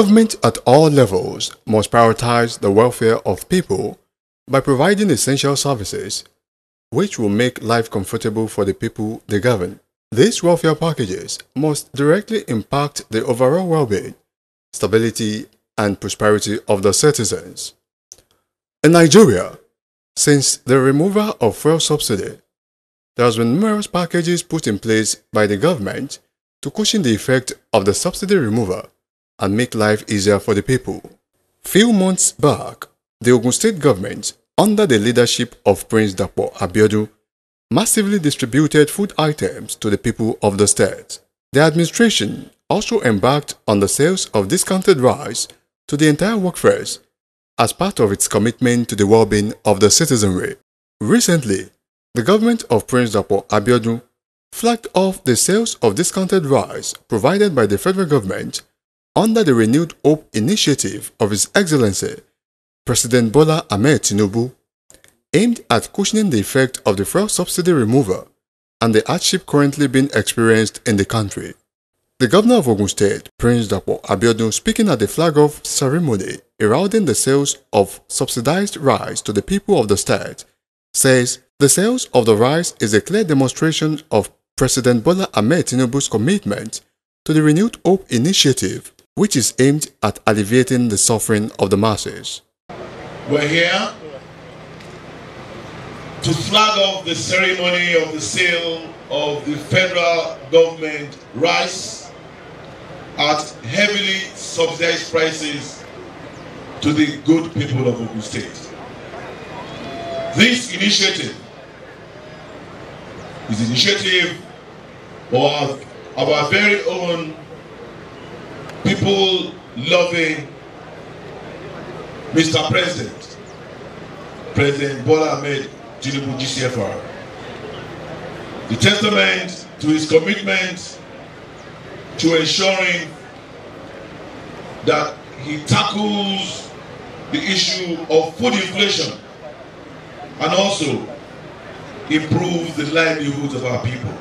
Government at all levels must prioritize the welfare of people by providing essential services which will make life comfortable for the people they govern. These welfare packages must directly impact the overall well-being, stability and prosperity of the citizens. In Nigeria, since the removal of fuel subsidy, there has been numerous packages put in place by the government to cushion the effect of the subsidy removal and make life easier for the people. Few months back, the Ogun State government, under the leadership of Prince Dapo Abiodu, massively distributed food items to the people of the state. The administration also embarked on the sales of discounted rice to the entire workforce as part of its commitment to the well-being of the citizenry. Recently, the government of Prince Dapo Abiodun flagged off the sales of discounted rice provided by the federal government under the renewed hope initiative of His Excellency President Bola Ahmed Tinubu, aimed at cushioning the effect of the fuel subsidy removal and the hardship currently being experienced in the country. The governor of Ogun State, Prince Dapo Abiodun, speaking at the flag-off ceremony heralding the sales of subsidized rice to the people of the state, says the sales of the rice is a clear demonstration of President Bola Ahmed Tinubu's commitment to the Renewed Hope Initiative which is aimed at alleviating the suffering of the masses. We're here to flag off the ceremony of the sale of the federal government rice at heavily subsidized prices to the good people of Ogun State. This initiative is initiative of our very own people loving Mr. President, President Bola Ahmed Tinubu GCFR. The testament to his commitment to ensuring that he tackles the issue of food inflation and also improves the livelihoods of our people.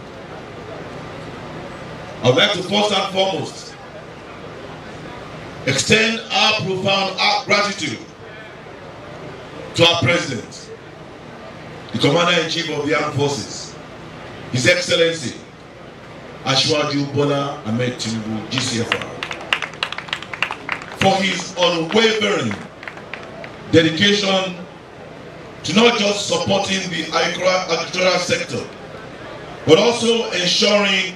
I would like to first and foremost extend our profound gratitude to our President, the Commander-in-Chief of the Armed Forces, His Excellency Ashwaju Bola Ahmed Tinubu, GCFR, for his unwavering dedication to not just supporting the agricultural sector, but also ensuring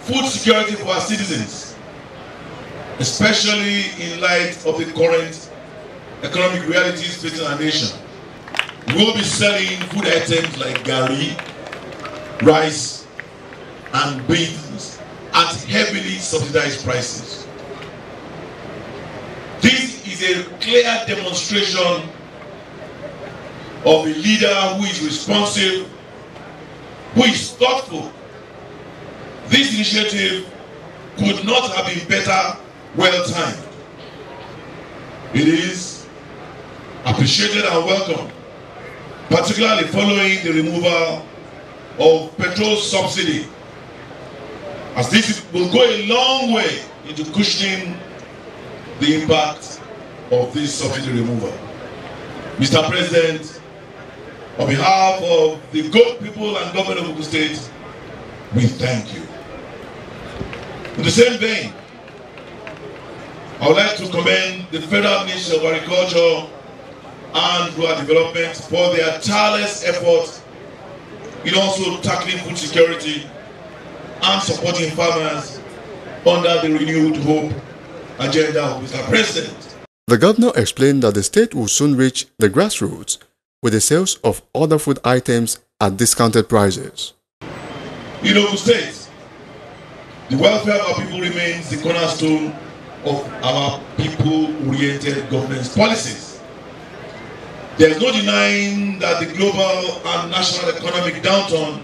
food security for our citizens especially in light of the current economic realities facing our nation. We will be selling food items like gari, rice, and beans at heavily subsidized prices. This is a clear demonstration of a leader who is responsive, who is thoughtful. This initiative could not have been better well timed. It is appreciated and welcome, particularly following the removal of petrol subsidy, as this will go a long way into cushioning the impact of this subsidy removal. Mr. President, on behalf of the good people and government of Ogun State, we thank you. In the same vein, I would like to commend the Federal Ministry of Agriculture and Rural Development for their tireless efforts in also tackling food security and supporting farmers under the renewed hope agenda of Mr. President. The governor explained that the state will soon reach the grassroots with the sales of other food items at discounted prices. In Ogun State, the welfare of our people remains the cornerstone of our people-oriented government policies. There is no denying that the global and national economic downturn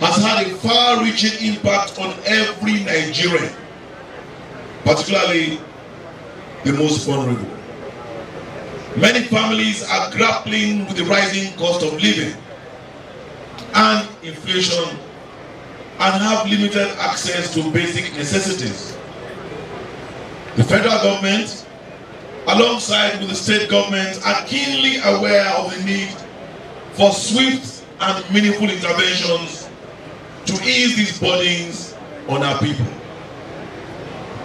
has had a far-reaching impact on every Nigerian, particularly the most vulnerable. Many families are grappling with the rising cost of living and inflation and have limited access to basic necessities. The federal government, alongside with the state government, are keenly aware of the need for swift and meaningful interventions to ease these burdens on our people.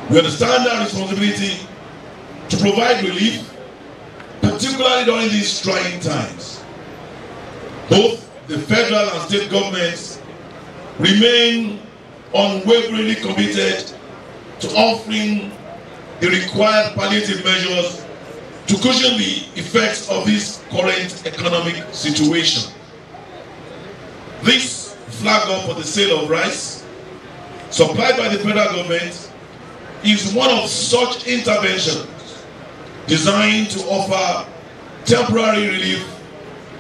We understand our responsibility to provide relief, particularly during these trying times. Both the federal and state governments remain unwaveringly committed to offering the required palliative measures to cushion the effects of this current economic situation. This flag up for the sale of rice, supplied by the federal government, is one of such interventions designed to offer temporary relief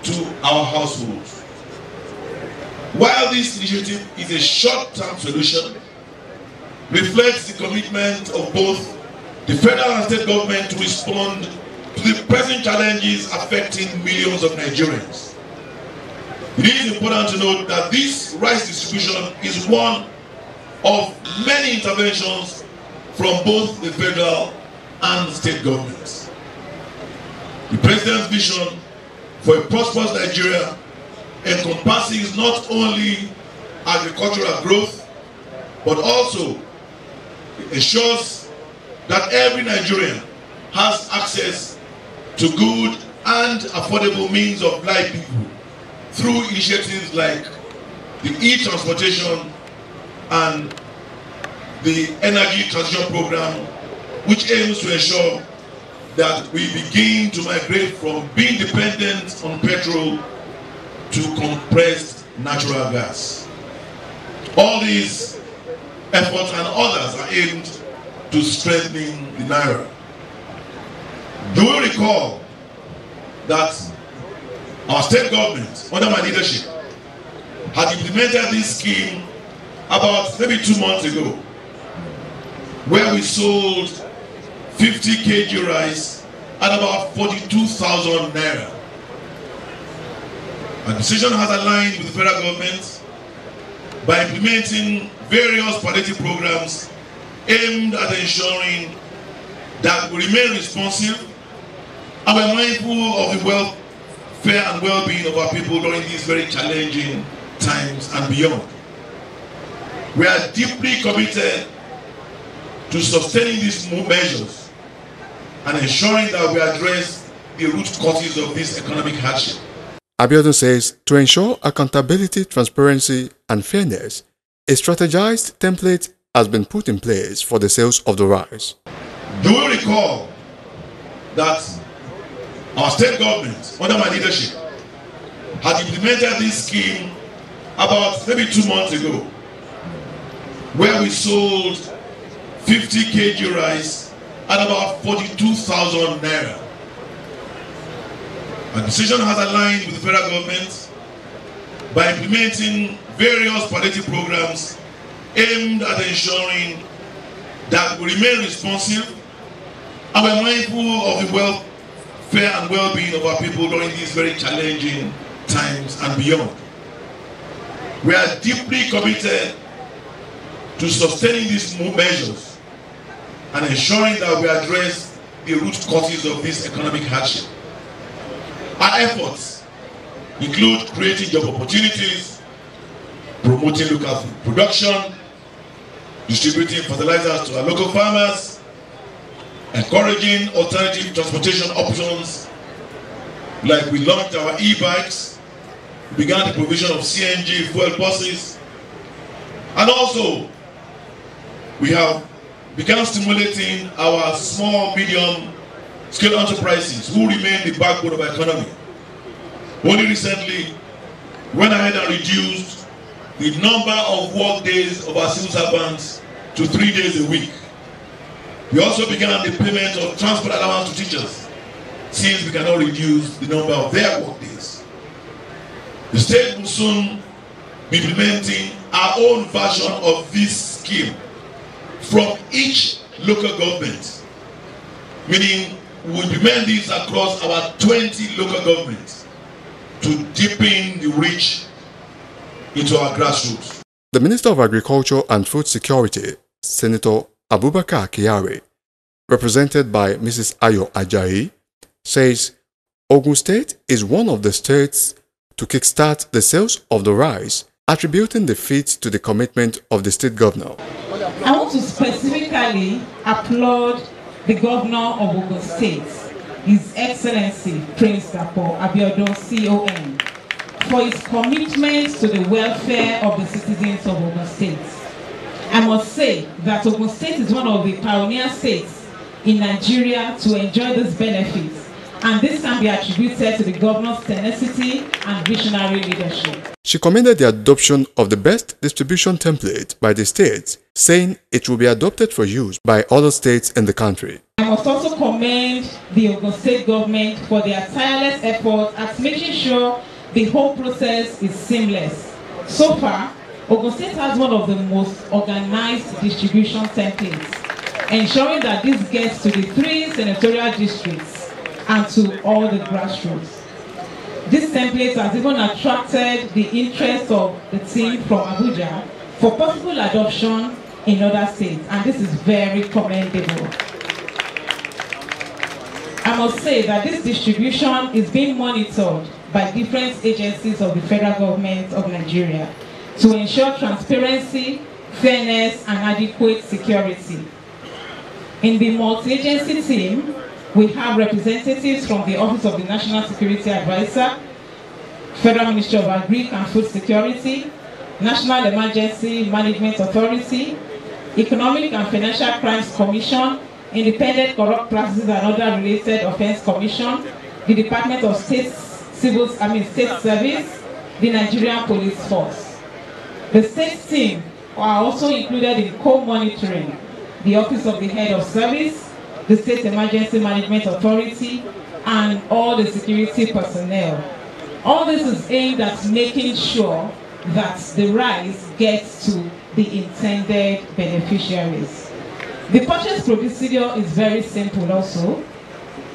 to our households. While this initiative is a short-term solution, reflects the commitment of both The federal and state government to respond to the present challenges affecting millions of Nigerians. It is important to note that this rice distribution is one of many interventions from both the federal and state governments. The president's vision for a prosperous Nigeria encompasses not only agricultural growth but also ensures that every Nigerian has access to good and affordable means of livelihood through initiatives like the e-transportation and the energy transition program, which aims to ensure that we begin to migrate from being dependent on petrol to compressed natural gas. All these efforts and others are aimed to strengthening the naira. Do you recall that our state government under my leadership had implemented this scheme about maybe two months ago where we sold 50 kg rice at about 42,000 naira. Our decision has aligned with the federal government by implementing various palliative programs aimed at ensuring that we remain responsive and we're mindful of the welfare and well-being of our people during these very challenging times and beyond. We are deeply committed to sustaining these measures and ensuring that we address the root causes of this economic hardship. Abiodun says to ensure accountability, transparency, and fairness, a strategized template has been put in place for the sales of the rice. Do you recall that our state government, under my leadership, had implemented this scheme about maybe two months ago, where we sold 50 kg rice at about 42,000 naira. A decision has aligned with the federal government by implementing various palliative programs aimed at ensuring that we remain responsive and we're mindful of the welfare and well-being of our people during these very challenging times and beyond. We are deeply committed to sustaining these measures and ensuring that we address the root causes of this economic hardship. Our efforts include creating job opportunities, promoting local food production, distributing fertilizers to our local farmers, encouraging alternative transportation options, like we launched our e-bikes, began the provision of CNG fuel buses, and also we have began stimulating our small, medium scale enterprises who remain the backbone of our economy. Only recently, when I had reduced the number of work days of our civil servants to three days a week. We also began the payment of transport allowance to teachers since we cannot reduce the number of their work days. The state will soon be implementing our own version of this scheme from each local government, meaning we will implement this across our 20 local governments to deepen the reach into our grassroots. The Minister of Agriculture and Food Security, Senator Abubakar Kiyari, represented by Mrs. Ayo Ajayi, says Ogun State is one of the states to kickstart the sales of the rice, attributing the feat to the commitment of the state governor. I want to specifically applaud the governor of Ogun State, His Excellency Prince Dapo Abiodun CON for his commitment to the welfare of the citizens of Ogun State. I must say that Ogun State is one of the pioneer states in Nigeria to enjoy this benefit, and this can be attributed to the governor's tenacity and visionary leadership. She commended the adoption of the best distribution template by the states, saying it will be adopted for use by other states in the country. I must also commend the Ogun State government for their tireless efforts at making sure the whole process is seamless. So far, Ogun State has one of the most organized distribution templates, ensuring that this gets to the three senatorial districts and to all the grassroots. This template has even attracted the interest of the team from Abuja for possible adoption in other states, and this is very commendable. I must say that this distribution is being monitored by different agencies of the federal government of Nigeria to ensure transparency, fairness, and adequate security. In the multi-agency team, we have representatives from the Office of the National Security Advisor, Federal Ministry of Agri and Food Security, National Emergency Management Authority, Economic and Financial Crimes Commission, Independent Corrupt Practices and Other Related Offense Commission, the Department of State civil, I mean state service, the Nigerian police force. The state team are also included in co-monitoring the Office of the Head of Service, the State Emergency Management Authority, and all the security personnel. All this is aimed at making sure that the rice gets to the intended beneficiaries. The purchase procedure is very simple also.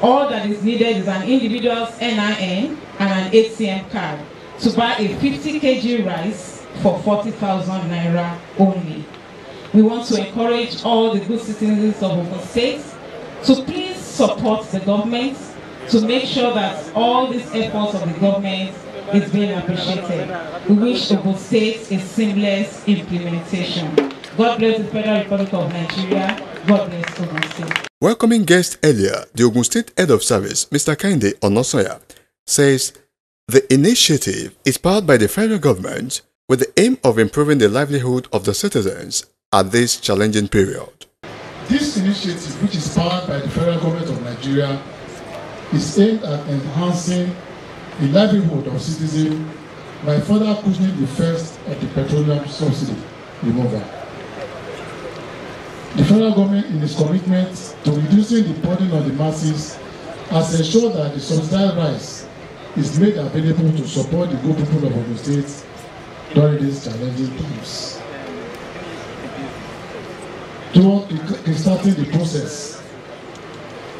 All that is needed is an individual's NIN and an ATM card to buy a 50 kg rice for 40,000 naira only. We want to encourage all the good citizens of Ogun State to please support the government to make sure that all these efforts of the government is being appreciated. We wish Ogun State a seamless implementation. God bless the Federal Republic of Nigeria. God bless Ogun State. Welcoming guest earlier, the Ogun State Head of Service, Mr. Kinde Onosoya, says the initiative is powered by the federal government with the aim of improving the livelihood of the citizens at this challenging period. This initiative, which is powered by the federal government of Nigeria, is aimed at enhancing the livelihood of citizens by further cushioning the first of the petroleum subsidy removal. The federal government, in its commitment to reducing the burden on the masses, has ensured that the subsidized rice is made available to support the good people of Ogun State during these challenging times. Through kickstarting the process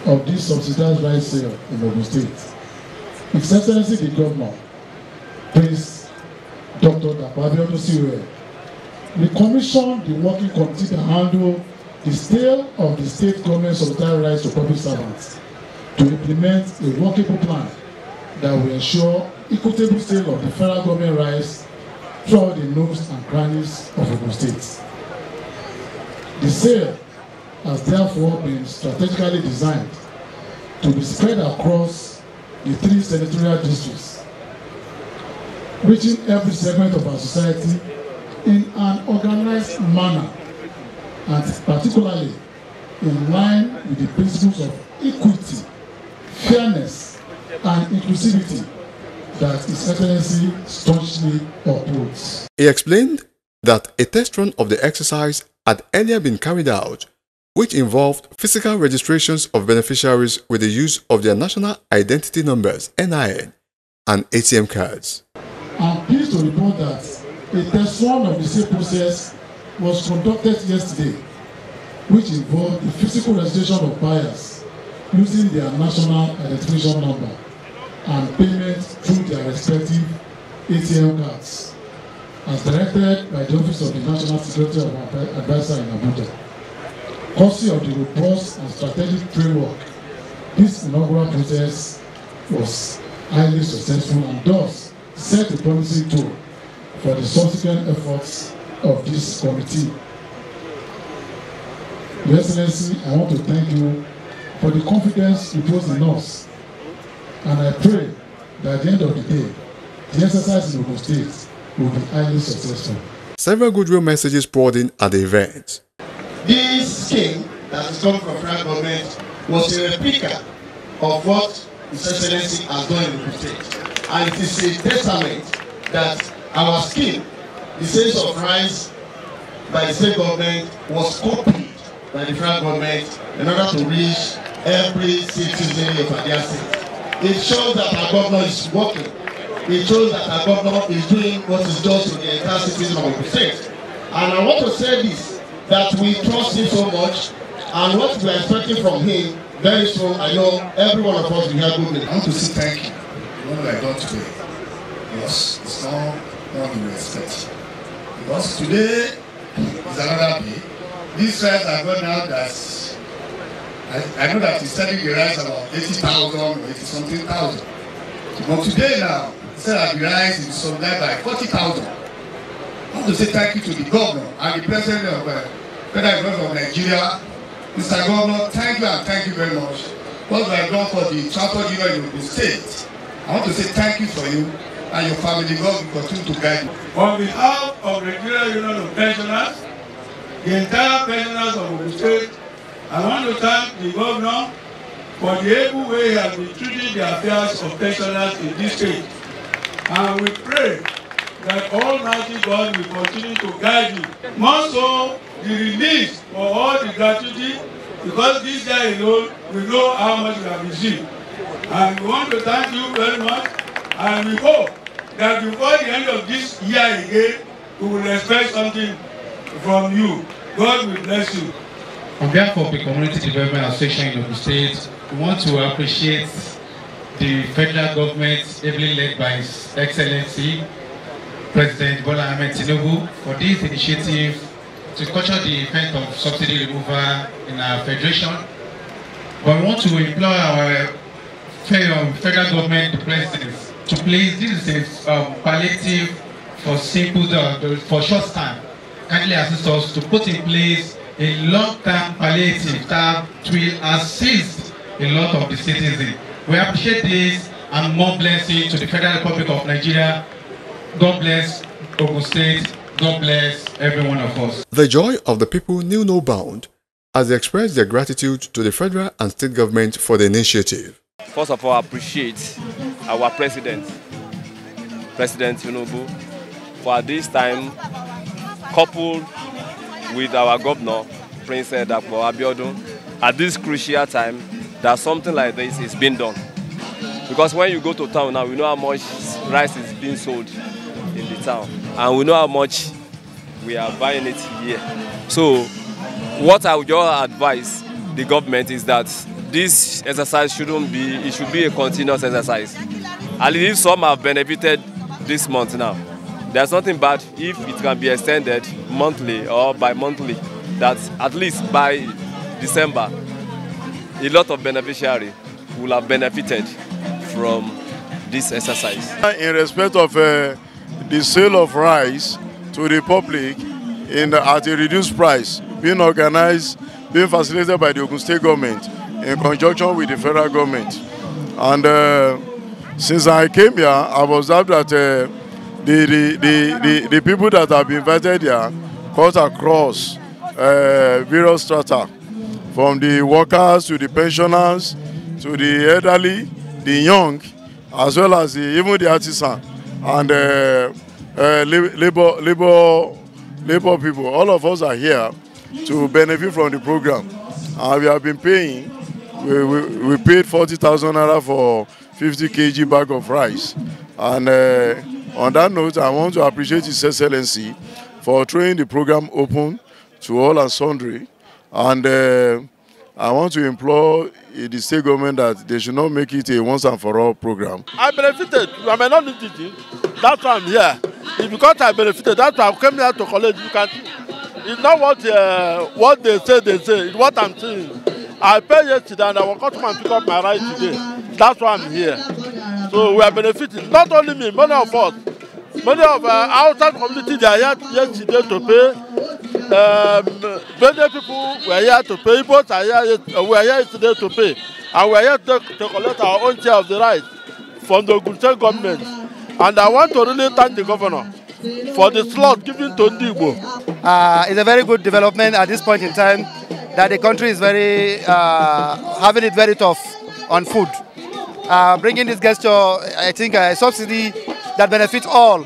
of this subsidized rice sale in Ogun State, Excellency the Governor, Prince Dr. Dapabiodun Sirue, we commissioned the working committee to handle the sale of the state government subsidized rice to public servants to implement a workable plan that will ensure equitable sale of the federal government rice throughout the nooks and crannies of Ogun State. The sale has therefore been strategically designed to be spread across the three senatorial districts, reaching every segment of our society in an organized manner and particularly in line with the principles of equity, fairness, and inclusivity that His Excellency staunchly upholds. He explained that a test run of the exercise had earlier been carried out, which involved physical registrations of beneficiaries with the use of their national identity numbers (NIN) and ATM cards. I'm pleased to report that a test run of the same process was conducted yesterday, which involved the physical registration of buyers using their national identification number. and payment through their respective ATM cards as directed by the Office of the National Security Advisor in Abuja. Courtesy of the robust and strategic framework, this inaugural process was highly successful and thus set a promising tone for the subsequent efforts of this committee. Your Excellency, I want to thank you for the confidence reposed in us And I pray that at the end of the day, the exercise in Ogun State will be highly successful. Several goodwill messages poured in at the event. This scheme that has come from Frank government was a replica of what His Excellency has done in Ogun State. And it is a testament that our scheme, the sense of rice by the state government was copied by the federal government in order to reach every citizen of Adia It shows that our governor is working. It shows that our governor is doing what is just to the entire citizen of the state. And I want to say this, that we trust him so much, and what we are expecting from him, very soon, I know every one of us will have good news. I want to say thank you. What we are done today, yes, it's not what we expect. Because today is another day. These guys are going out as I, I know that he started with about eighty thousand or eighty something thousand. But today now, instead of the rice, it is supplied by forty thousand. I want to say thank you to the governor and the president of uh, Federal Government of Nigeria. Mr. Governor, thank you and thank you very much. What we have done for the transport union in the state, I want to say thank you for you and your family. God will continue to guide you. On behalf of the Nigeria Union of Pensioners, the entire pensioners of the state, I want to thank the governor for the able way he has been treating the affairs of pensioners in this state. And we pray that Almighty God will continue to guide you. More so, the release for all the gratitude because this guy alone will know how much you have received. And we want to thank you very much, and we hope that before the end of this year again, we will expect something from you. God will bless you. On behalf of the Community Development Association of the state, we want to appreciate the federal government, heavily led by His Excellency President Bola Ahmed Tinubu, for this initiative to culture the effect of subsidy removal in our federation. But we want to implore our um, federal government, the president, to place this is a um, palliative for simple, uh, for short time, kindly assist us to put in place a long-term palliative that will assist a lot of the citizens. We appreciate this and more blessing to the Federal Republic of Nigeria. God bless Ogun State. God bless every one of us. The joy of the people knew no bound as they expressed their gratitude to the federal and state government for the initiative. First of all, I appreciate our president, President Tinubu, for this time coupled with our governor, Prince Dapo Abiodun, at this crucial time that something like this is being done. Because when you go to town now, we know how much rice is being sold in the town, and we know how much we are buying it here. So, what I would just advise the government is that this exercise shouldn't be, it should be a continuous exercise. At least some have benefited this month now. There's nothing bad if it can be extended monthly or bi-monthly, that at least by December, a lot of beneficiaries will have benefited from this exercise. In respect of uh, the sale of rice to the public in, at a reduced price, being organized, being facilitated by the Ogun State government in conjunction with the federal government. And uh, since I came here, i was told that uh, the, the, the, the, the people that have been invited here cut across uh, various strata from the workers to the pensioners to the elderly, the young, as well as the, even the artisan and uh, uh, labor, labor, labor people. All of us are here to benefit from the program. And we have been paying, we, we, we paid 40,000 naira for 50 kg bag of rice. And uh, On that note, I want to appreciate His Excellency for throwing the program open to all and sundry. And uh, I want to implore the state government that they should not make it a once and for all program. I benefited. I may not need it. That's why I'm here. It's because I benefited. That's why I came here to college. You can see. It's not what, uh, what they say they say. It's what I'm saying. I paid yesterday and I will come and pick up my right today. That's why I'm here. So we are benefiting. Not only me, many of us. Many of our uh, outside community, they are here, here today to pay. Um, many people were here to pay. but are here, uh, we are here today to pay. And we are here to, to collect our own share of the right from the Gulten government. And I want to really thank the governor for the slot given to Ndigbo. Uh, it's a very good development at this point in time that the country is very uh, having it very tough on food. uh, bringing this gesture, I think, uh, a subsidy that benefits all,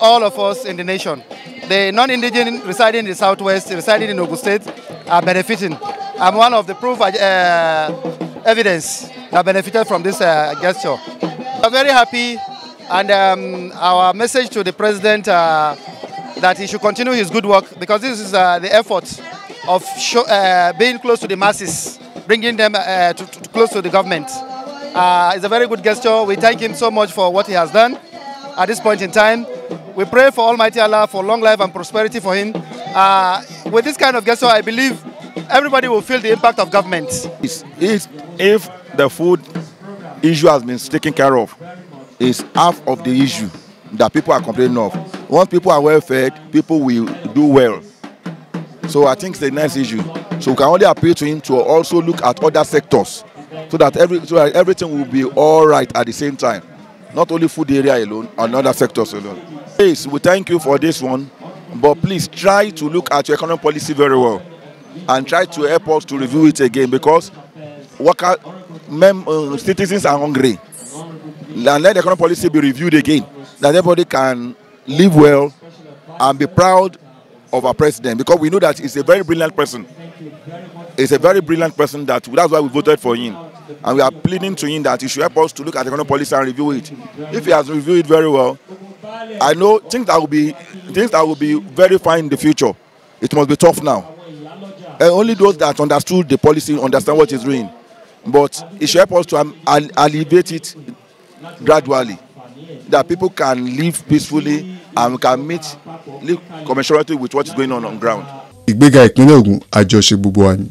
all of us in the nation. The non-indigenous residing in the southwest, residing in Ogun State, are benefiting. I'm one of the proof uh, evidence that benefited from this uh, gesture. I'm very happy, and um, our message to the president uh, that he should continue his good work because this is uh, the effort of show, uh, being close to the masses, bringing them to, to close to the government. Uh, it's a very good gesture. We thank him so much for what he has done at this point in time. We pray for Almighty Allah for long life and prosperity for him. Uh, with this kind of gesture, I believe everybody will feel the impact of government. It's, if the food issue has been taken care of, it's half of the issue that people are complaining of. Once people are well fed, people will do well. So I think it's a nice issue. So we can only appeal to him to also look at other sectors so that every so that everything will be all right at the same time not only food area alone and other sectors alone. Please, we thank you for this one, but please try to look at your economic policy very well and try to help us to review it again because worker, mem, uh, citizens are hungry. And let the economic policy be reviewed again that everybody can live well and be proud of our president because we know that he's a very brilliant person is a very brilliant person that that's why we voted for him. And we are pleading to him that he should help us to look at the economic policy and review it. If he has reviewed it very well, I know things that will be things that will be very fine in the future. It must be tough now. And only those that understood the policy understand what he's doing. But it should help us to um, alleviate it gradually. That people can live peacefully and can meet live commensurately with what is going on on ground ìgbéga ìpínlẹ̀ Ògùn àjọṣe gbogbo wa ni.